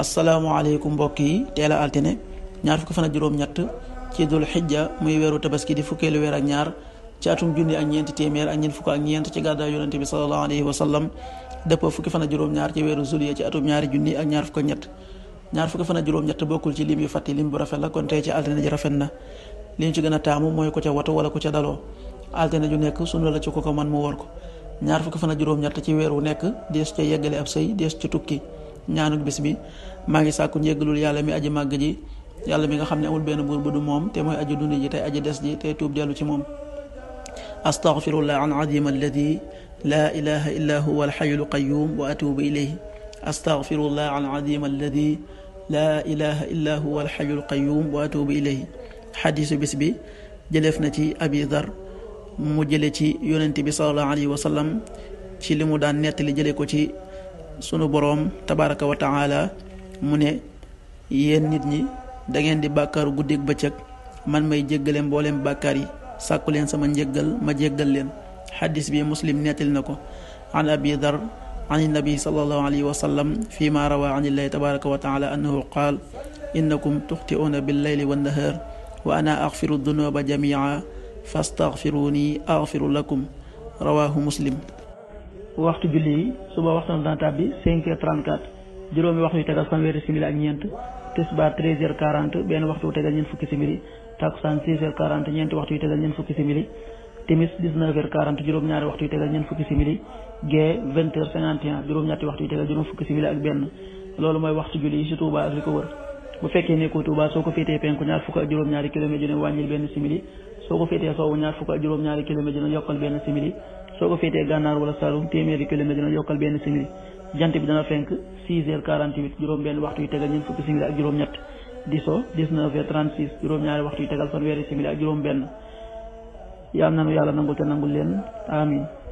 asalaamaaleykum mbokk yi teel altine ñaar fukki fan juróom-ñett ci dul xijja muy weeru tabaski di fukkeelu weer ak ñaar ci atum junni ak ñeenti téeméer ak ñeent fukk ak ñeent ci gàddaay yonente bi salallahu alayhi wa sallam dëppoo fukki fan juróom-ñaar ci weeru juillet ci atum ñaari junni ak ñaar fukk ñett ñaar fukki fan ak juróom bokkul ci lim yu fàtti lim bu rafet la kon tey ci altine ji rafet na li ci gën a taamu mooy ku ca watu wala ko ca daloo altine ju nekk sunna la ci ko ko man mu war ko ñaar fukki fan ak juróom-ñett ci weer wu nekk dees ca yeggale ab sëy dees ca tukki ñaanuk bis bi maa ngi sàkku njéggalul yàlla mi aji màgg ji yàlla mi nga xam ne amul benn buur bu du moom te mooy aji dund ji tey aji des ji tey tuub dellu ci moom astaghfirullah an azim alladi laa ilaha illa huwa alxayul qayum wa atubu ilayhi astaghfirullah an azim alladi laa ilaha illa huwa alxayul qayum wa atubu ilayhi xadisu bis bi jëleef na ci abi dar mu jële ci yonente bi salallahu alayhi wa sallam ci li mu daan nettali jële ko ci sunu boroom tabaraka wa taala mu ne yéen nit ñi dangeen ngeen di bàkkaaru guddeeg bëccëg man may jéggale mbooleem bàkkaar yi sàkku leen sama njéggal ma jéggal leen xaddis bi muslim nettali na ko an abi dar an nabi sallallahu alayhi wa sallam fi ma rawa an illahi tabaraka wa taala annahu qaal innakum tuxti'uuna billayli wannahaar wa ana axfiru dunuba jamia fastaxfiruni axfiru lakum rawahu muslim waxtu julli yi suba waxtu dana tàbbi 5 heures 34 juróomi waxtu yu tegal fanweeri simili ak ñeent tisbaar 13 heures 40 benn waxtu wu tegal ñeent fukki simili takusaan 6 heures 40 ñeenti waxtu yu tegal ñeent fukki simili timis 19 heures 40 juróom-ñaari waxtu yu tegal ñeent fukki simili gee 20 heures 51 juróom-ñetti waxtu yu tegal juróom fukki simili ak benn loolu mooy waxtu julli yi si Touba ak li ko wër bu fekkee nekkoo Touba soo ko féetee penku ñaar fukk ak soo ko féetee gànnaar wala Saloum téeméeri kilomètre dina yokkal benn simili jant bi dana fenk 6 heures 48 juróom-benn waxtu yu tegal ñeent fukki simili ak juróom-ñett di so 19 heures 36 juróom-ñaari waxtu yu tegal fanweeri simili ak juróom-benn yàlla nanu yàlla nangul te nangul leen amin